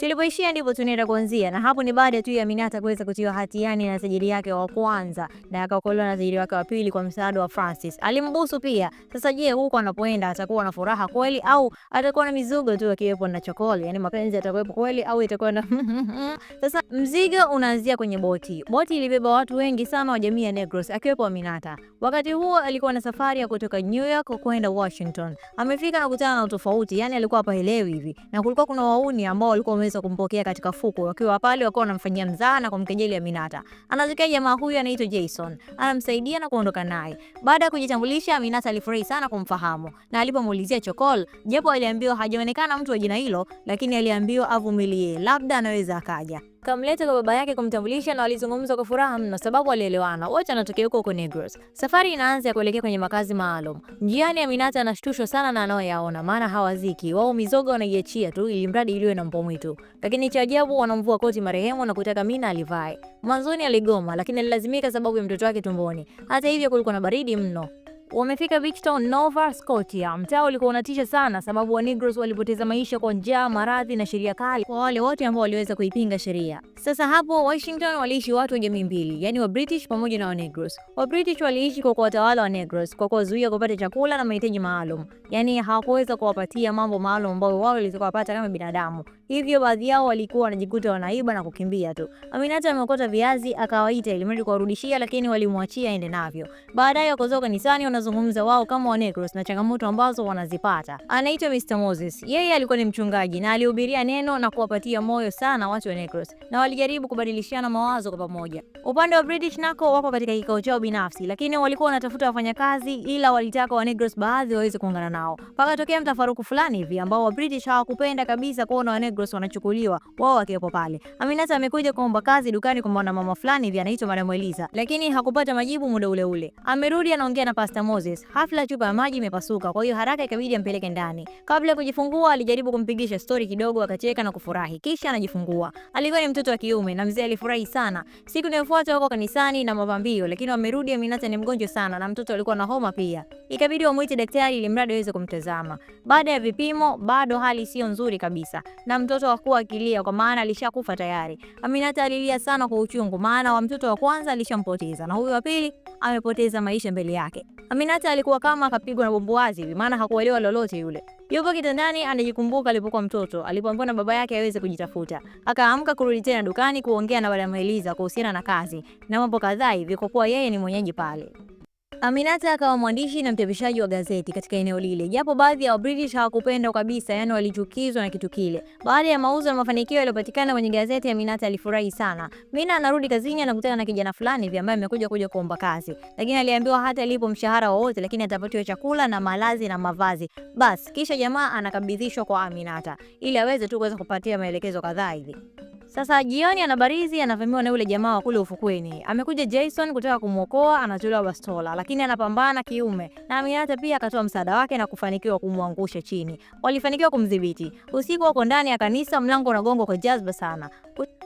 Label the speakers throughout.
Speaker 1: Tulipoishia ndipo tunaenda kuanzia, na hapo ni baada tu ya Minata kuweza kutiwa hatiani na sajili yake wa kwanza na akaokolewa na sajili yake wa pili kwa msaada wa Francis. Alimbusu pia. Sasa je, huko anapoenda atakuwa na furaha kweli au atakuwa na mizigo tu akiwepo na chokoli? Yaani mapenzi atakuwepo kweli au itakuwa na Sasa mzigo unaanzia kwenye boti. Boti ilibeba watu wengi sana wa jamii ya Negros akiwepo wa Minata. Wakati huo alikuwa na safari ya kutoka New York kwenda Washington. Amefika na kutana na utofauti, yani alikuwa hapa hivi. Na kulikuwa kuna wauni ambao walikuwa wameweza kumpokea katika fuko wakiwa pale wakiwa wanamfanyia mzaa na kumkejeli Aminata. Anatokea jamaa huyu anaitwa Jason, anamsaidia na kuondoka naye. Baada ya kujitambulisha, Aminata alifurahi sana kumfahamu na alipomuulizia Chokol, japo aliambiwa hajaonekana mtu wa jina hilo, lakini aliambiwa avumilie, labda anaweza akaja
Speaker 2: kamleta kwa baba yake kumtambulisha na walizungumza kwa furaha mno, sababu walielewana wote, wanatokea huko huko Negros. Safari inaanza ya kuelekea kwenye makazi maalum. Njiani Aminata anashtushwa sana na anayoyaona, maana hawaziki wao, mizoga wanaiachia tu, ili mradi iliwe na mbwa mwitu. Lakini cha ajabu, wanamvua koti marehemu na kutaka Mina alivae. Mwanzoni aligoma, lakini alilazimika sababu ya mtoto wake tumboni. Hata hivyo, kulikuwa na baridi mno wamefika Victor, Nova Scotia. Mtaa ulikuwa unatisha sana, sababu wa Negroes walipoteza maisha kwa njaa, maradhi na sheria kali, kwa wale wote ambao waliweza kuipinga sheria. Sasa hapo Washington waliishi watu wa jamii mbili, yani wa British pamoja na wa Negroes. Wa British waliishi kwa kuwatawala wa Negroes kwa kuwazuia kupata chakula na mahitaji maalum, yaani hawakuweza kuwapatia mambo maalum ambayo wao walizokuwa wapata kama binadamu. Hivyo baadhi yao walikuwa wanajikuta wanaiba na kukimbia tu. Aminata amekota viazi akawaita ili mradi kuwarudishia, lakini walimwachia aende navyo. Baadaye wakozoa kanisani, wanazungumza wao kama wa Negroes na changamoto ambazo wanazipata. Anaitwa Mr Moses, yeye alikuwa ni mchungaji na alihubiria neno na kuwapatia moyo sana watu wa Negroes na walijaribu kubadilishana mawazo kwa pamoja. Upande wa British nako wapo katika kikao chao binafsi, lakini walikuwa wanatafuta wafanyakazi, ila walitaka wa Negros baadhi waweze kuungana nao. Pakatokea mtafaruku fulani hivi ambao wa British hawakupenda kabisa kuona wa Negros wanachukuliwa wao wakiwepo pale. Aminata amekuja kuomba kazi dukani kwa mwanamama fulani hivi anaitwa Madam Eliza, lakini hakupata majibu muda ule ule. Amerudi anaongea na Pastor Moses. Hafla chupa ya maji imepasuka, kwa hiyo haraka ikabidi ampeleke ndani. Kabla ya kujifungua alijaribu kumpigisha stori kidogo, akacheka na kufurahi, kisha anajifungua. Alikuwa ni mtoto wa kiume na mzee alifurahi sana. Siku inayofuata wako kanisani na mapambio, lakini wamerudi, Aminata ni mgonjwa sana na mtoto alikuwa na homa pia. Ikabidi wamuite daktari ili mradi aweze kumtazama. Baada ya vipimo, bado hali sio nzuri kabisa na mtoto hakuwa akilia kwa maana alishakufa tayari. Aminata alilia sana kwa uchungu maana wa mtoto wa kwanza alishampoteza na huyu wa pili amepoteza maisha mbele yake. Aminata alikuwa kama akapigwa na bombo wazi maana hakuelewa lolote yule. Yupo kitandani anajikumbuka alipokuwa mtoto alipoambiwa na baba yake aweze kujitafuta. Akaamka kurudi tena dukani kuongea na Madam Eliza kuhusiana na kazi na mambo kadhaa hivi kwa kuwa yeye ni mwenyeji pale. Aminata akawa mwandishi na mchapishaji wa gazeti katika eneo lile, japo baadhi ya Wabritish hawakupenda kabisa, yani walichukizwa na kitu kile. Baada ya mauzo na mafanikio yaliyopatikana kwenye gazeti, Aminata alifurahi sana. Mina anarudi kazini, anakutana na kijana fulani hivi ambaye amekuja kuja kuomba kazi, lakini aliambiwa hata alipo mshahara wowote, lakini atapatiwa chakula na malazi na mavazi bas. Kisha jamaa anakabidhishwa kwa Aminata ili aweze tu kuweza kupatia maelekezo kadhaa hivi. Sasa jioni anabarizi, anavamiwa na yule jamaa wa kule ufukweni. Amekuja Jason kutaka kumwokoa, anatolewa bastola, lakini anapambana kiume. Na Aminata pia akatoa msaada wake na kufanikiwa kumwangusha chini. Walifanikiwa kumdhibiti. Usiku wako ndani ya kanisa, mlango unagongwa kwa jazba sana.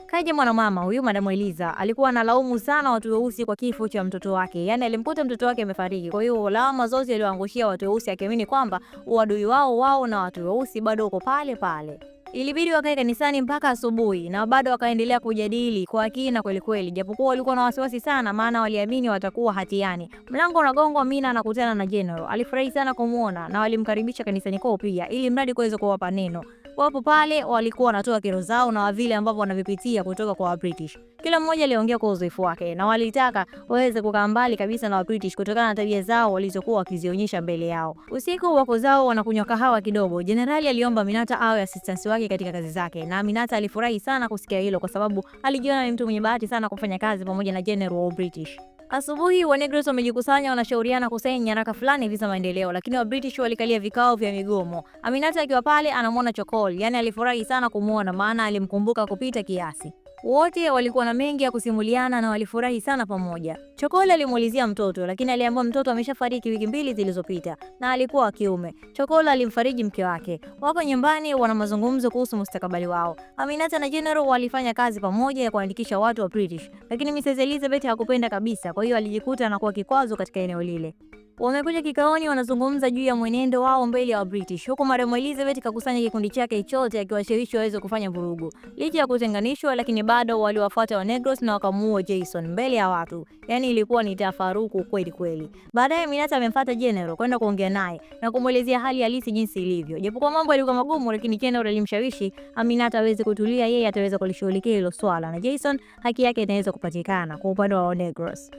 Speaker 2: Kaja mwanamama huyu Madam Eliza alikuwa analaumu sana watu weusi kwa kifo cha mtoto wake. Yaani alimkuta mtoto wake amefariki. Kwa hiyo lawama zote aliwaangushia watu weusi akiamini kwamba uadui wao wao na watu weusi bado uko pale pale. Ilibidi wakae kanisani mpaka asubuhi na bado wakaendelea kujadili kwa kina kweli kweli, japokuwa walikuwa na wasiwasi sana, maana waliamini watakuwa hatiani. Mlango unagongwa, Mina anakutana na General. Alifurahi sana kumuona na walimkaribisha kanisani kwao pia, ili mradi kuweza kuwapa neno wapo pale walikuwa wanatoa kero zao na vile ambavyo wanavipitia kutoka kwa British. Kila mmoja aliongea kwa uzoefu wake na walitaka waweze kukaa mbali kabisa na British kutokana na tabia zao walizokuwa wakizionyesha mbele yao. Usiku wako zao wanakunywa kahawa kidogo. Jenerali aliomba minata awe assistant wake katika kazi zake na minata alifurahi sana kusikia hilo kwa sababu alijiona ni mtu mwenye bahati sana kufanya kazi pamoja na General wa British. Asubuhi wa Negros wamejikusanya wanashauriana kusaini nyaraka fulani hivi za maendeleo, lakini Wabritish walikalia vikao vya migomo. Aminata akiwa pale anamwona Chokol, yaani alifurahi sana kumwona, maana alimkumbuka kupita kiasi. Wote walikuwa na mengi ya kusimuliana na walifurahi sana pamoja. Chokola alimuulizia mtoto, lakini aliambiwa mtoto ameshafariki wiki mbili zilizopita na alikuwa wa kiume. Chokola alimfariji mke wake. Wako nyumbani wana mazungumzo kuhusu mustakabali wao. Aminata na General walifanya kazi pamoja ya kuandikisha watu wa British, lakini Mrs Elizabeth hakupenda kabisa, kwa hiyo alijikuta anakuwa kikwazo katika eneo lile wamekuja kikaoni, wanazungumza juu ya mwenendo wao mbele ya wa British, huku marehemu Elizabeth kakusanya kikundi chake chote akiwashawishi waweze kufanya vurugu. Licha ya kutenganishwa, lakini bado waliwafuata wa Negros na wakamuua Jason mbele ya watu. yaani ilikuwa ni tafaruku kweli kweli. Baadaye Minata amemfuata General kwenda kuongea naye na kumwelezea hali halisi jinsi ilivyo. Japokuwa mambo yalikuwa magumu, lakini General alimshawishi Aminata aweze kutulia, yeye ataweza kulishughulikia hilo swala na Jason haki yake inaweza kupatikana kwa upande wa Negros.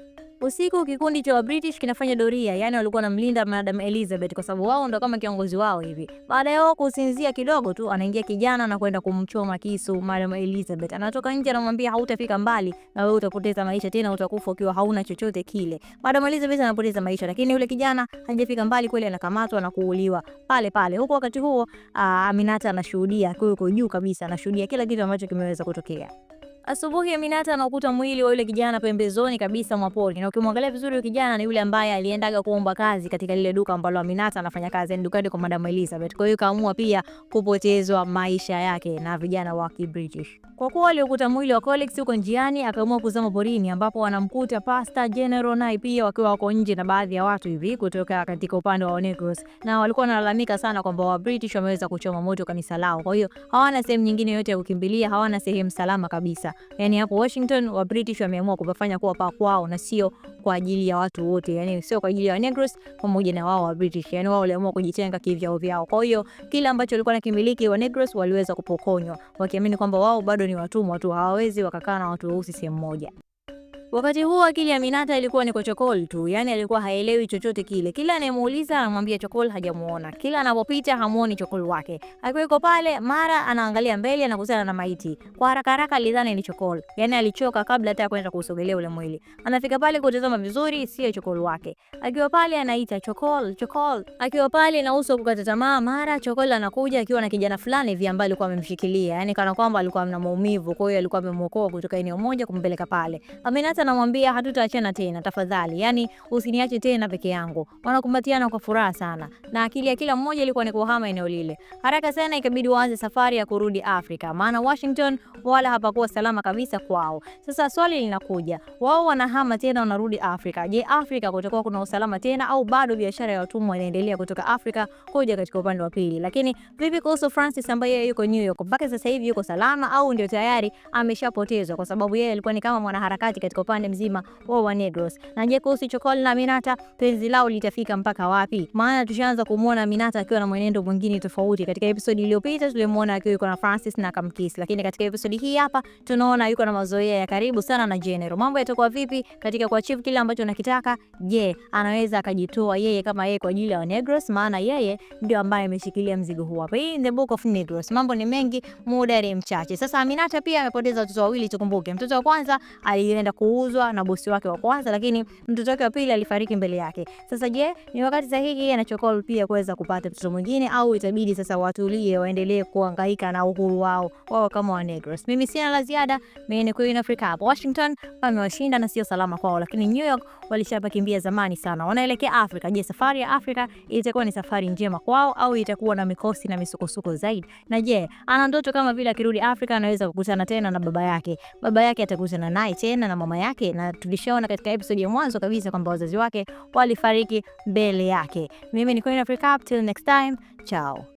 Speaker 2: Usiku kikundi cha British kinafanya doria, yani walikuwa wanamlinda Madam Elizabeth kwa sababu wao ndo kama kiongozi wao hivi. Baada ya wao kusinzia kidogo tu, anaingia kijana na kwenda kumchoma kisu Madam Elizabeth. Anatoka nje anamwambia, hautafika mbali na wewe utapoteza maisha tena, utakufa ukiwa hauna chochote kile. Madam Elizabeth anapoteza maisha, lakini yule kijana hajafika mbali kweli, anakamatwa na kuuliwa pale pale. Huko wakati huo uh, Aminata anashuhudia, kwa yuko juu kabisa, anashuhudia kila kitu ambacho kimeweza kutokea. Asubuhi Aminata anakuta mwili wa yule kijana pembezoni kabisa mwa pori, na ukimwangalia vizuri yule kijana ni yule ambaye aliendaga kuomba kazi katika lile duka ambalo Aminata anafanya kazi, yani dukani kwa Madam Elizabeth. Kwa hiyo kaamua pia kupotezwa maisha yake na vijana wa Kibritish. Kwa kuwa aliokuta mwili wa Colex huko njiani, akaamua kuzama porini, ambapo wanamkuta Pastor General naye pia wakiwa wako nje na baadhi ya watu hivi kutoka katika upande wa Negros, na walikuwa wanalalamika sana kwamba wa British wameweza kuchoma moto kanisa lao. Kwa hiyo hawana sehemu nyingine yote ya kukimbilia, hawana sehemu salama kabisa. Yani hapo Washington wa British wameamua kufanya kuwa pa kwao na sio kwa ajili ya watu wote, yani sio kwa ajili ya Negroes pamoja na wao wa British, yani wao waliamua kujitenga kivyao vyao. Kwa hiyo kila ambacho walikuwa nakimiliki wa Negroes waliweza kupokonywa, wakiamini kwamba wao bado ni watumwa tu, hawawezi wakakaa na watu weusi sehemu moja. Wakati huo akili ya Minata ilikuwa ni kwa Chokol tu, yani alikuwa haelewi chochote kile. Kila anayemuuliza anamwambia Chokol hajamuona, kila anapopita hamuoni Chokol wake. Akiweko pale, mara anaangalia mbele, anakutana na maiti. Kwa haraka haraka alidhani ni Chokol, yaani alichoka kabla hata kwenda kusogelea ule mwili. Anafika pale kutazama vizuri, sio Chokol wake. Akiwa pale anaita Chokol, Chokol. Akiwa pale na uso kukata tamaa, mara Chokol anakuja akiwa na kijana fulani hivi ambaye alikuwa amemshikilia, yaani kana kwamba alikuwa na maumivu, kwa hiyo alikuwa amemwokoa kutoka eneo moja kumpeleka pale. Aminata kabisa namwambia hatutaachana tena tafadhali, yani usiniache tena peke yangu. Wanakumbatiana kwa furaha sana, na akili ya kila mmoja ilikuwa ni kuhama eneo lile haraka sana. Ikabidi waanze safari ya kurudi Afrika, maana Washington wala hapakuwa salama kabisa kwao. Sasa swali linakuja, wao wanahama tena, wanarudi Afrika. Je, Afrika kutakuwa kuna usalama tena au bado biashara ya watumwa inaendelea kutoka Afrika kuja katika upande wa pili? Lakini vipi kuhusu Francis ambaye yuko New York mpaka sasa hivi, yuko salama au ndio tayari ameshapotezwa? Kwa sababu yeye alikuwa ni kama mwanaharakati katika upande mzima wa Wanegros. Na je, kuhusu Chokoli na Minata, penzi lao litafika mpaka wapi? Maana tushaanza kumwona Minata akiwa na mwenendo mwingine tofauti. Katika episodi iliyopita tulimwona akiwa yuko na Francis na akamkisi, lakini katika episodi hii hapa tunaona yuko na mazoea ya karibu sana na General. Mambo yatakuwa vipi katika kuachieve kile ambacho nakitaka? Je, anaweza akajitoa yeye kama yeye kwa ajili ya Wanegros? Maana yeye ndio ambaye ameshikilia mzigo huu hapa. Hii ni the book of Negros. Mambo ni mengi, muda ni mchache. Sasa Minata pia amepoteza watoto wawili, tukumbuke. Mtoto wa kwanza alienda kuu aligeuzwa na bosi wake wa kwanza, lakini mtoto wake wa pili alifariki mbele yake. Sasa je, ni wakati sahihi yeye anachokol pia kuweza kupata mtoto mwingine au itabidi sasa watulie waendelee kuhangaika na uhuru wao wao kama wa Negros? Mimi sina la ziada. Mimi ni Queen Africa hapa Washington, wamewashinda na sio salama kwao, lakini New York walishapa kimbia zamani sana, wanaelekea Afrika. Je, safari ya Afrika itakuwa ni safari njema kwao au itakuwa na mikosi na misukosuko zaidi? Na je, ana ndoto kama vile akirudi Afrika anaweza kukutana tena na baba yake, baba yake atakutana naye tena na mama yake yake, na tulishaona katika episode ya mwanzo kabisa kwamba wazazi wake walifariki mbele yake. Mimi ni Queen of Recap, till next time, ciao.